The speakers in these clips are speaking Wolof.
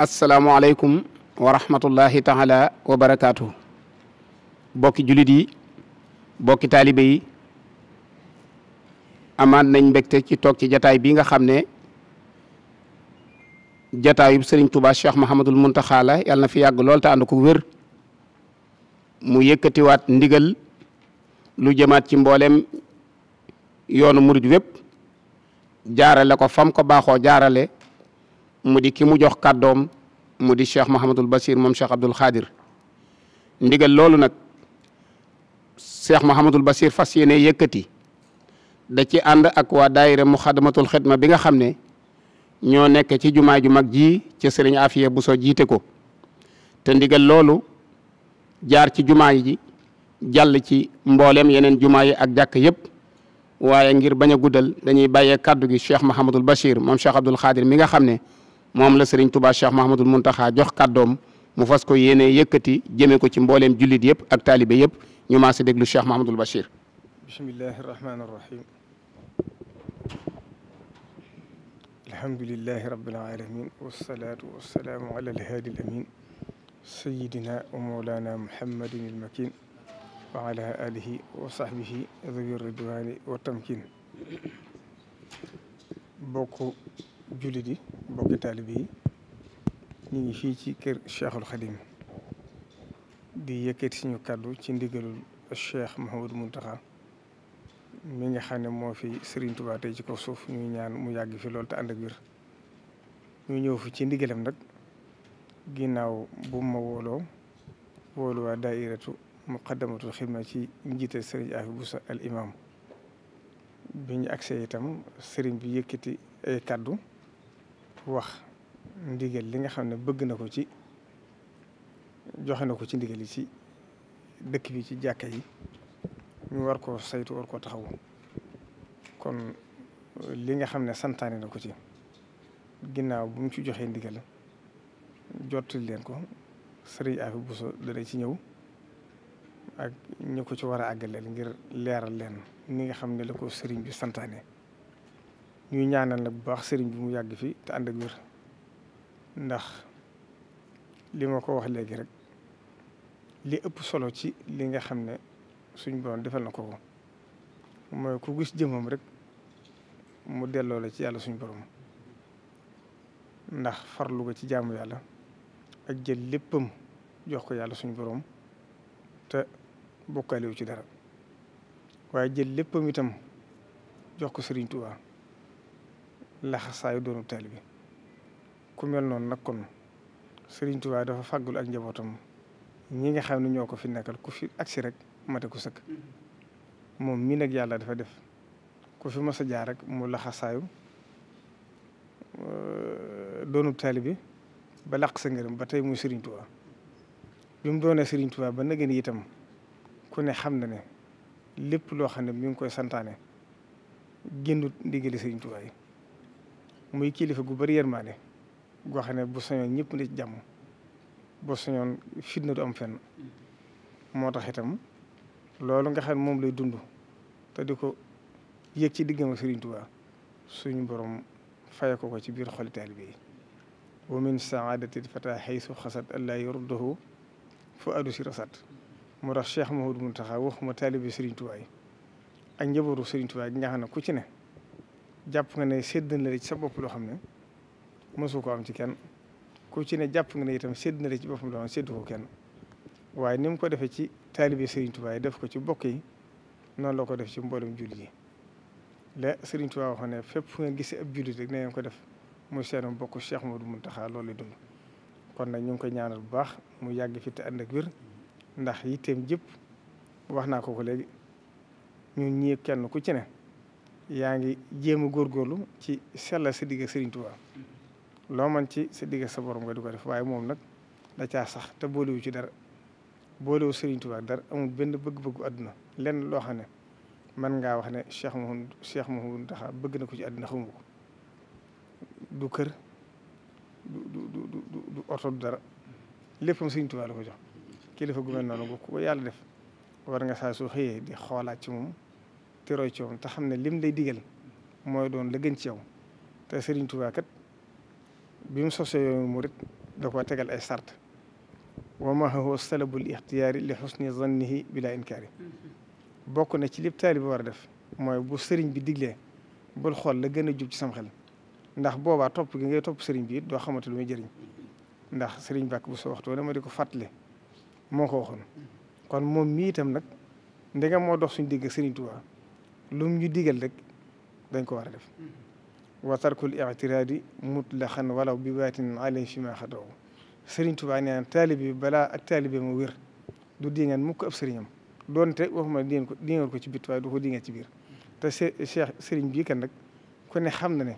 asalaamualeykum wa rahmatullahi taala wa bokki julit yi bokki taalibe amaan amaat nañ mbégte ci toog ci jataay bii nga xam ne jataayub sëriñ Touba Cheikh Mahamadul Muntaxa la yàlla na fi yàgg lool te ànd ko wér mu yëkkatiwaat ndigal lu jëmaat ci mboolem yoonu murit wépp jaarale ko fam ko baaxoo jaarale mu di ki mu jox kàddoom mu di cheikh Mouhamadul Bachir moom cheikh Abdoul Khadir ndigal loolu nag cheikh Mouhamadul Bachir fas yéene yëkkati da ci ànd ak waa daayira Muxadamatul Xidma bi nga xam ne ñoo nekk ci jumaa ju mag ji ci sëriñ Afiya bu soo jiite ko te ndigal loolu jaar ci jumaa yi ji jàll ci mboolem yeneen jumaa yi ak jàkk yëpp waaye ngir bañ a guddal dañuy bàyyee kàddu gi cheikh Mouhamadul Bachir moom cheikh Abdoul Khadir mi nga xam ne. moom la sëriñ Touba Cheikh Mahamadul Muntaxa jox kàddoom mu fas ko yéene yëkkati jëme ko ci mbooleem jullit yëpp ak taalibe yëpp ñu maa si déglu Cheikh Mahamadul bismillahi rahmaani rahim alhamdulilahi rabbil alamin wasalaatu wasalaamu ala wa mawlana wa ala alihi wa sahbihi wa tamkin jullit yi bokki taalibe yi ñu ngi fii ci kër Cheikhul Khadim di yëkkati suñu kàddu ci ndigalul Cheikh Mouhamadou Mountakha mi nga xam ne moo fi Serigne Touba ci kaw suuf ñuy ñaan mu yàgg fi loolu te ànd ak ñu ñëw fi ci ndigalam nag ginnaaw bu ma wooloo woolu waa daairatu muqaddamatul xidma ci njiite Serigne Afi Boussa al imam bi ñu agsee itam Serigne bi yëkkati ay kàddu wax ndigal li nga xam ne bëgg na ko ci joxe na ko ci ndigal yi ci dëkk bi ci jàkka yi ñu war koo saytu war koo taxaw kon li nga xam ne santaane na ko ci ginnaaw bu mu ci joxee ndigal jottali leen ko sëriñ Afi Bousso dana ci ñëw ak ñu ko ci war a àggaleel ngir leeral leen ni nga xam ne la ko sëriñ bi santaane ñuy ñaanal na bu baax sëriñ bi mu yàgg fii te ànd ak wér ndax li ma ko wax léegi rek li ëpp solo ci li nga xam ne suñ borom defal na ko ko mooy ku gis jëmmam rek mu delloo la ci yàlla suñ boroom ndax farlu ga ci jaamu yàlla ak jël léppam jox ko yàlla suñ boroom te bokkaaliwu ci dara waaye jël léppam itam jox ko Sëriñ Tuubaa laxasaayu doonu taalibe bi ku mel noonu nag kon Serigne Touba dafa fàggul ak njabootam ñi nga xam ne ñoo ko fi nekkal ku fi agsi rek mate ku sëkk moom mii nag yàlla dafa def ku fi mas a jaar rek mu laxasaayu euh, doonu taalibe bi ba làq sa ngërëm ba tey muy Serigne Touba bi mu doonee Serigne Touba ba nageen itam ku ne xam na ne lépp loo xam ne mu ngi koy santaane génnut ndigali Serigne Touba yi muy kilifa gu bari yërmaane goo xam ne bu soñoon ñëpp ne ci jàmm bu soñoon fitna du am fenn moo tax itam loolu nga xam ne moom lay dund te di ko yëg ci diggam Sëriñ Tuubaa suñu borom faye ko ko ci biir xoli taalibe yi wa min saadatil fata xaysu xasat allah yurduhu fu addu si rasat moo tax Cheikh Mahmoud Muntaxa waxuma taalibe Sëriñ Tuubaa yi ak njabootu Sëriñ Tuubaa gi nga xam ne ku ci ne jàpp nga ne sédd na la ci sa bopp loo xam ne mosu ko am ci kenn ku ci ne jàpp nga ne itam sédd na la ci boppam loo xam ne séddu ko kenn waaye ni mu ko defee ci taalibe Serigne Touba yi def ko ci bokk yi noonu la ko def ci mboolem jullit yi la Serigne Touba waxoon ne fépp fu nga gisee ab jullit rek na ngeen ko def muy seenum bokk Cheikh Modou Mountakha loolu lay dund kon nag ñu ngi koy ñaanal bu baax mu yàgg fi te ànd ak wér ndax yitteem jëpp wax naa ko ko léegi ñun ñii kenn ku ci ne. yaa ngi jéem a góorlu ci sellal sa digg ak Serigne loo man ci sa digg sa borom nga di ko def waaye moom nag da caa sax te boolewu ci dara boolewu Serigne Touba dara amul benn bëgg-bëggu àdduna lenn loo xam ne mën ngaa wax ne Cheikh Mouhamadou Cheikh Mouhamadou Ndaxa bëgg na ko ci àdduna xamu ko du kër du du dara léppam Serigne Touba la ko jox kilifa gu mel noonu bu ko yàlla def war nga saa su xëyee di xoolaat ci moom. te roy ci woon te xam ne lim lay digal mooy doon la gën ci yow te Serigne Touba kat bi mu sosee yoonu murit da koo tegal ay sart wa ma huwa salabul ixtiyaari li xusni zannihi bila inkaari bokk na ci lépp taalibi war a def mooy bu sëriñ bi digle bul xool la gën a jub ci sam xel ndax boobaa topp ki ngay topp sëriñ bi it doo xamante lu muy jëriñ ndax sëriñ bàkk bu soo waxtu dama ko fàttali moo ko waxoon moom mii itam nag ndegam moo dox suñu digg ak sëriñ Tuubaa lum ñu digal rek dañ ko war a def wa tarkul ictiraadi mutlaqan walaw bi baatin alay fi ma xadaw sëriñ Tuubaa nee na taalibi balaa ak taalibi mu wér du dingaan mukk ab sëriñam doonte waxuma dingaan ko dingaan ko ci bit waaye du ko dingaan ci biir te cheikh sëriñ bii kan nag ku ne xam na ne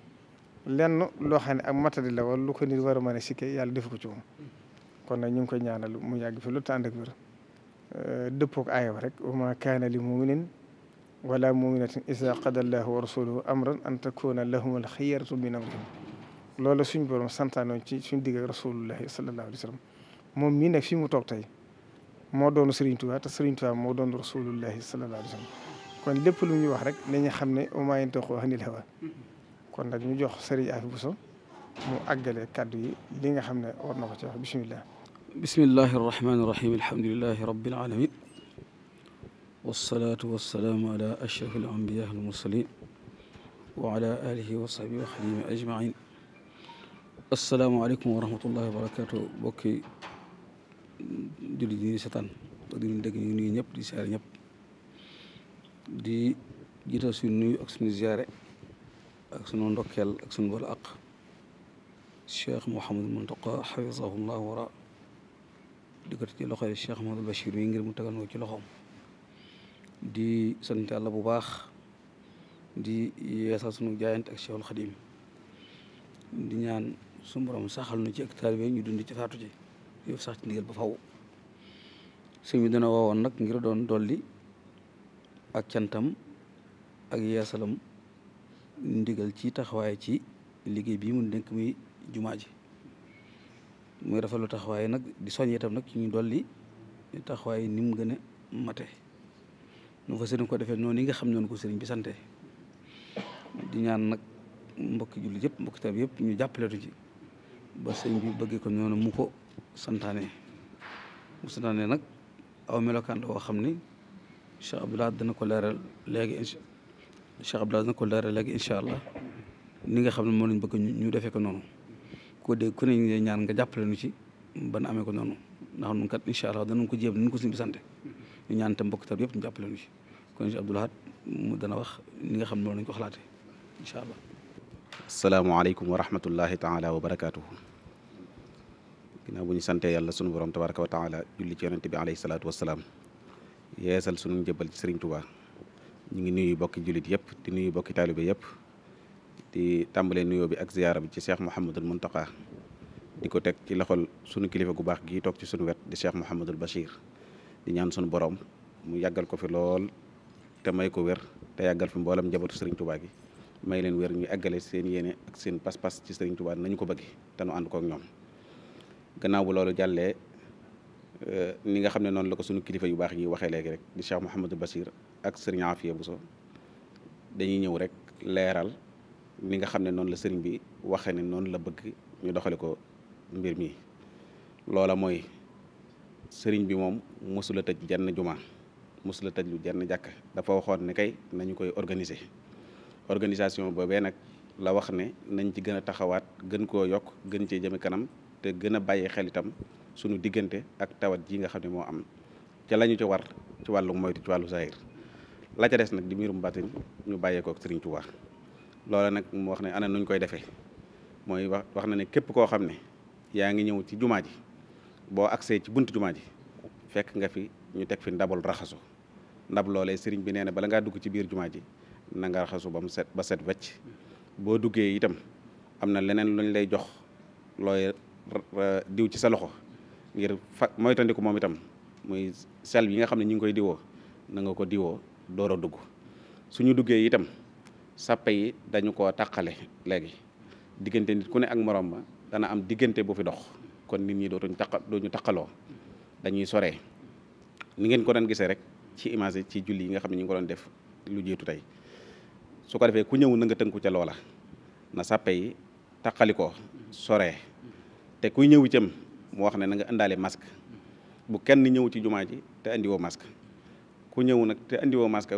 lenn loo xam ne ak matadi la wala lu ko nit war a mën a sikke yàlla def ko ci moom kon nag ñu ngi koy ñaanal mu yàgg fi lu tànd ak wér dëppook aaya rek wa ma kaana li muminin wala muminatin isa qada allahu wa rasuluhu amran an takuna lahum al xiyaratu min amrihim loolu suñ borom santaanoon ci suñ digg ak rasulullahi sallallahu alayhi wa sallam moom mii nag fi mu toog tey moo doon Serigne Touba te Serigne Touba moo doon rasulullahi sallallahu alayhi wa sallam kon lépp lu ñu wax rek nañu xam ne oma yantiqu anil hawa kon nag ñu jox Serigne Afi buso mu àggale kàddu yi li nga xam ne war na ko ci wax bismillah bismillahi arrahmani arrahim alhamdulilahi wasalaatu wasalaamu ala ashraf alambiya almursalin wa alihi wa sahbi wa xadimi ajmain asalaamualeykum wa rahmatullahi wa barakatu bokki julli ñi setaan ak di dégg ñu ñëpp di siyaare ñëpp di jiital suñu nuyu ak suñu ziyaare ak suñu ndokkeel ak suñu bal aq cheikh Mouhamadul Muntaqa wara di ko ci loxoy cheikh Mouhamadul Bachir mi ngir mu tegal ko ci loxo di sant yàlla bu baax di yeesal sunu jaayante ak Cheikhul Khadim di ñaan suñu borom saxal nu ci ak taalibe ñu dund ci faatu ci yow sax ci ndigal ba faw sëñ bi dana woowoon nag ngir doon dolli ak cantam ak yeesalam ndigal ci taxawaay ci liggéey bii mu dénk muy jumaa ji mu muy rafetlu taxawaay nag di soññee itam nag ci ñu dolli taxawaay ni mu gën a mate nu fa sëriñ ko defee noonu yi nga xam noonu ko sëriñ bi sante di ñaan nag mbokki jullit yëpp mbokki tabi yëpp ñu jàppaletu ci ba sëriñ bi bëggee ko noonu mu ko santaane mu santaane nag aw melokaan la woo xam ni Cheikh Abdoulaye dana ko leeral léegi incha Cheikh Abdoulaye dana ko leeral léegi incha allah ni nga xam ne moo lañ bëgg ñu defee ko noonu ko dégg ku ne ñu ñaan nga jàppale nu ci ban amee ko noonu ndax nun kat incha allah danañ ko jéem nañ ko sëriñ bi sante ñu ñaan tam mbokk taal yëpp ñu jàppale ñu ci kon ci Abdoul Ahad mu dana wax ni nga xam ne noonu lañ ko xalaatee incha allah. asalaamaaleykum wa rahmatullahi taala wa barakaatuhu. ginnaaw bu ñu santee yàlla sunu borom tabaraka wa taala julli ci yonente bi alayhi salaam yeesal sunu njëbal ci Serigne Touba ñu ngi nuyu bokki jullit yëpp di nuyu bokki taalibe yëpp di tàmbalee nuyoo bi ak ziyaara bi ci cheikh Mouhamadul Mountakha di ko teg ci loxol sunu kilifa gu baax gii toog ci sunu wet di cheikh Mouhamadul Bachir. di ñaan sunu borom mu yàggal ko fi lool te may ko wér te yàggal fi mboolam njabootu Serigne Touba gi may leen wér ñu eggale seen yéene ak seen pas-pas ci Serigne Touba nañu ko bëgg te nu ànd ko ak ñoom gannaaw bu loolu jàllee euh, ni nga xam ne noonu la ko sunu kilifa yu baax yi waxee léegi rek di Cheikh Mouhamadou Bassir ak Serigne Afia so dañuy ñëw rek leeral ni nga xam ne noonu la sëriñ bi waxee ne noonu la bëgg ñu doxale ko mbir mi loola mooy. sëriñ bi moom mosula tëj jenn juma mosula tëj lu jenn jàkk dafa waxoon ne kay nañu koy organiser organisation boobee nag la wax ne nañ ci gën a taxawaat gën koo yokk gën cee jëme kanam te gën a bàyyi xel itam suñu diggante ak tawat ji nga xam ne moo am ca la ñu ci war ci wàllu moytu ci wàllu zahir la ca des nag di mbirum batin ñu bàyyee ko ak sëriñ Tuubaa loola nag mu wax ne ana nuñ koy defee mooy wax wax na ne képp koo xam ne yaa ngi ñëw ci jumaa ji boo agsee ci buntu jumaa ji fekk nga fi ñu teg fi ndabul raxasu ndab loole sëriñ bi nee na bala ngaa dugg ci biir jumaa ji na nga raxasu ba mu set ba set wecc boo duggee itam am na leneen luñ lay jox looy diw ci sa loxo ngir fa moytandiku moom itam muy sel yi nga xam ne ñu ngi koy diwoo na nga ko diwoo door a dugg suñu duggee itam sàppe yi dañu ko taqale léegi diggante nit ku ne ak morom ma dana am diggante bu fi dox kon nit ñi dootuñ taqa ñu taqaloo dañuy sore ni ngeen ko doon gisee rek ci image ci julli yi nga xam ne ñu ngi ko doon def lu jiitu tey su ko defee ku ñëw na nga tënku ca loola na sàppe yi taqalikoo soree te kuy ñëwu itam mu wax ne na nga indaale masque bu kenn ñëw ci jumaa ji te indiwoo masque ku ñëw nag te indiwoo masque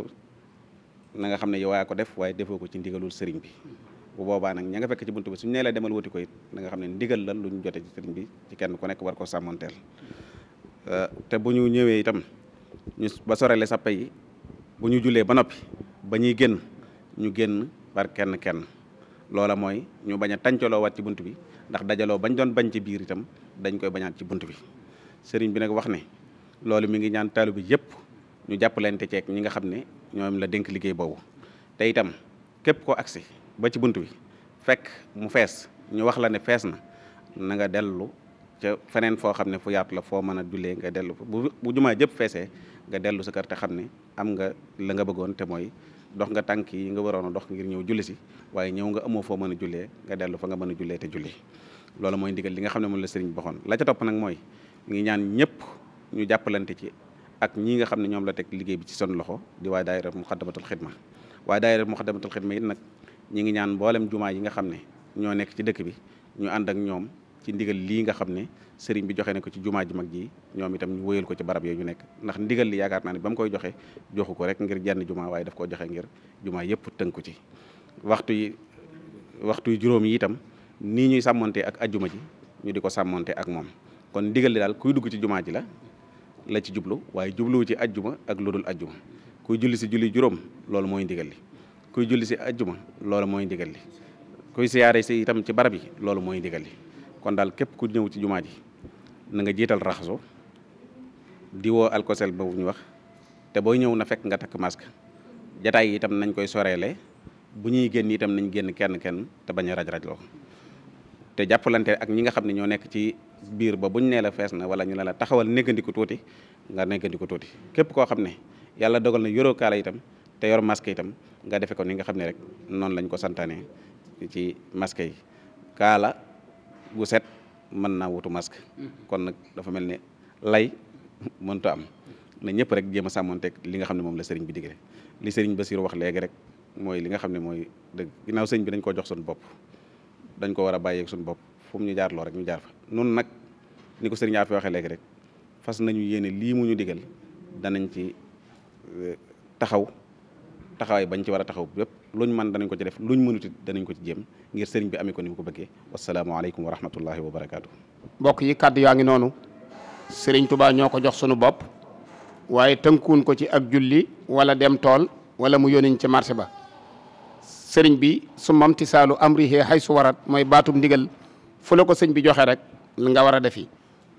nanga xam ne yow yaa ko def waaye defoo ko ci ndigalul sëriñ bi bu boobaa nag ña nga fekk ci bunt bi suñu nee la demal wuti ko it da xam ne ndigal la lu ñu jote ci sëriñ bi ci kenn ku nekk war koo sàmmonteel euh, te bu ñu ñëwee itam ñu ba sorele sappe yi bu ñu jullee ba noppi ba ñuy ñu génn par kenn kenn loola mooy ñu bañ a tàncaloo waat ci bunt bi ndax dajaloo bañ doon bañ ci biir itam dañ koy bañaat ci bunt bi sëriñ bi nag wax ne loolu mi ngi ñaan taalu bi yëpp ñu jàppalante ceeg ñi nga xam ne ñoom la dénk liggéey boobu te itam képp koo agsi ba ci bunt bi fekk mu fees ñu wax la ne fees na na nga dellu ca feneen foo xam ne fu yaatu la foo mën a jullee nga dellu bu bu jumaa jëpp feesee nga dellu sa kër te xam ne am nga la nga bëggoon te mooy dox nga tànk yi nga waroon a dox ngir ñëw julli si waaye ñëw nga amoo foo mën a jullee nga dellu fa nga mën a jullee te julli loolu mooy ndigal li nga xam ne moom la sëriñ bi la ca topp nag mooy ngi ñaan ñëpp ñu jàppalante ci ak ñi nga xam ne ñoom la teg liggéey bi ci seen loxo di waa daayira muxaddamatul xidma waa daayira muxaddamatul xidma yi nag ñi ngi ñaan mboolem jumaa yi nga xam ne ñoo nekk ci dëkk bi ñu ànd ak ñoom ci ndigal lii nga xam ne sëriñ bi joxe na ko ci jumaa ji mag ji ñoom itam ñu wéyal ko ci barab yooyu ñu nekk ndax ndigal li yaakaar naa ne ba koy joxe joxu ko rek ngir jenn jumaa waaye daf koo joxe ngir jumaa yëpp tënku ci waxtu yi waxtu yi juróom yi itam ni ñuy sàmmonte ak ajjuma ji ñu di ko sàmmonte ak moom kon ndigal li daal kuy dugg ci jumaa ji la la ci jublu waaye jubluwu ci ajjuma ak lu dul ajjuma kuy julli si julli juróom loolu mooy ndigal li kuy julli si ajjuma loolu mooy ndigal li kuy siyaare si itam ci barab yi loolu mooy ndigal li kon daal képp ku ñëw ci jumaa ji na nga jiital raxasu di woo alkosel boobu ñu wax te booy ñëw na fekk nga takk mask jataay yi itam nañ koy soreele bu ñuy génn itam nañ génn kenn kenn te bañ a raj-raj loo te jàppalante ak ñi nga xam ne ñoo nekk ci biir ba buñ nee la fees na wala ñu la la taxawal néggandiku tuuti nga néggandiku tuuti képp koo xam ne yàlla dogal na yoroo kaala itam te yor masque itam nga defe ko ni nga xam ne rek noonu lañ ko santaane ci masque yi kaala gu set mën naa wutu masque mm-hmm. kon nag dafa mel ne lay mënta am na ñëpp rek jéem a teg li nga xam ne moom la sëriñ bi digle li sëriñ Basiir wax léegi rek mooy li nga xam ne mooy dëgg ginnaaw sëriñ bi dañ koo jox suñu bopp dañ ko war a bàyyeeg suñu bopp fu mu ñu jaarloo rek ñu jaar fa nun nag ni ko sëriñ Afi waxee léegi rek fas nañu yéene lii mu ñu digal danañ ci euh, taxaw taxawaay bañ ci war a taxaw yépp luñ man danañ ko ci def luñ mënuti danañ ko ci jëm ngir sëriñ bi amee ko ni ko bëggee wasalaamaaleykum wa rahmatullahi wa barakaatu. mbokk yi kàddu yaa ngi noonu sëriñ tubaa ñoo ko jox sunu bopp waaye tënkuwun ko ci ak julli wala dem tool wala mu yónniñ ci marché ba sëriñ bi su mam ti saalu amrihi hay su warat mooy baatum ndigal fu la ko sëñ bi joxe rek nga war a defi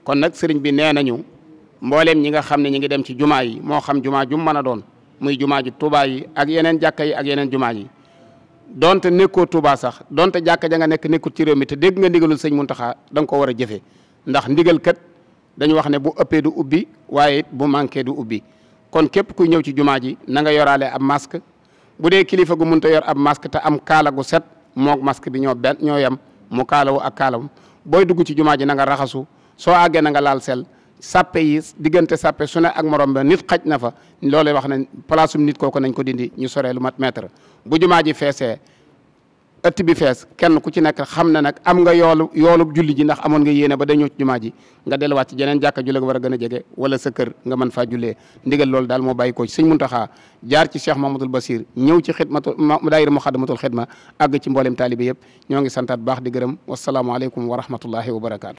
kon nag sëriñ bi nee nañu mbooleem ñi nga xam ne ñi ngi dem ci jumaa yi moo xam jumaa jum mën a doon muy jumaa ji Touba yi ak yeneen jàkka yi ak yeneen jumaa yi donte nekkoo Touba sax donte jàkka ja nga nekk nekkul ci réew mi te dégg nga ndigalul sëñ mun da nga ko war a jëfee ndax ndigal kat dañu wax ne bu ëppee du ubbi waaye bu manqué du ubbi kon képp kuy ñëw ci jumaa ji na nga yoraale ab masque bu dee kilifa gu munta yor ab masque te am kaala gu set moog masque bi ñoo benn ñoo yem mu kaalawu ak kaalawu booy dugg ci jumaa ji na nga raxasu soo aggee na nga laal sel sàppe yi diggante sàppe su ne ak moroom ba nit xaj na fa loolee wax nañ palaasum nit kooku nañ ko dindi ñu soreelu lu bu jumaa ji feesee ëtt bi fees kenn ku ci nekk xam na nag am nga yoolu yoolub julli ji ndax amoon nga yéene ba dañoo jumaa ji nga delluwaat ci jeneen jàkka julle ga war a gën a jege wala sa kër nga mën faa jullee ndigal loolu daal moo bàyyi ko ci sëñ Muntaxa jaar ci Cheikh Mahmadul Basir ñëw ci xidmatu daayira Muxaddamatul Xidma àgg ci mboolem taalibe yëpp ñoo ngi santaat baax di gërëm wasalaamualeykum wa rahmatullahi wa barakaatu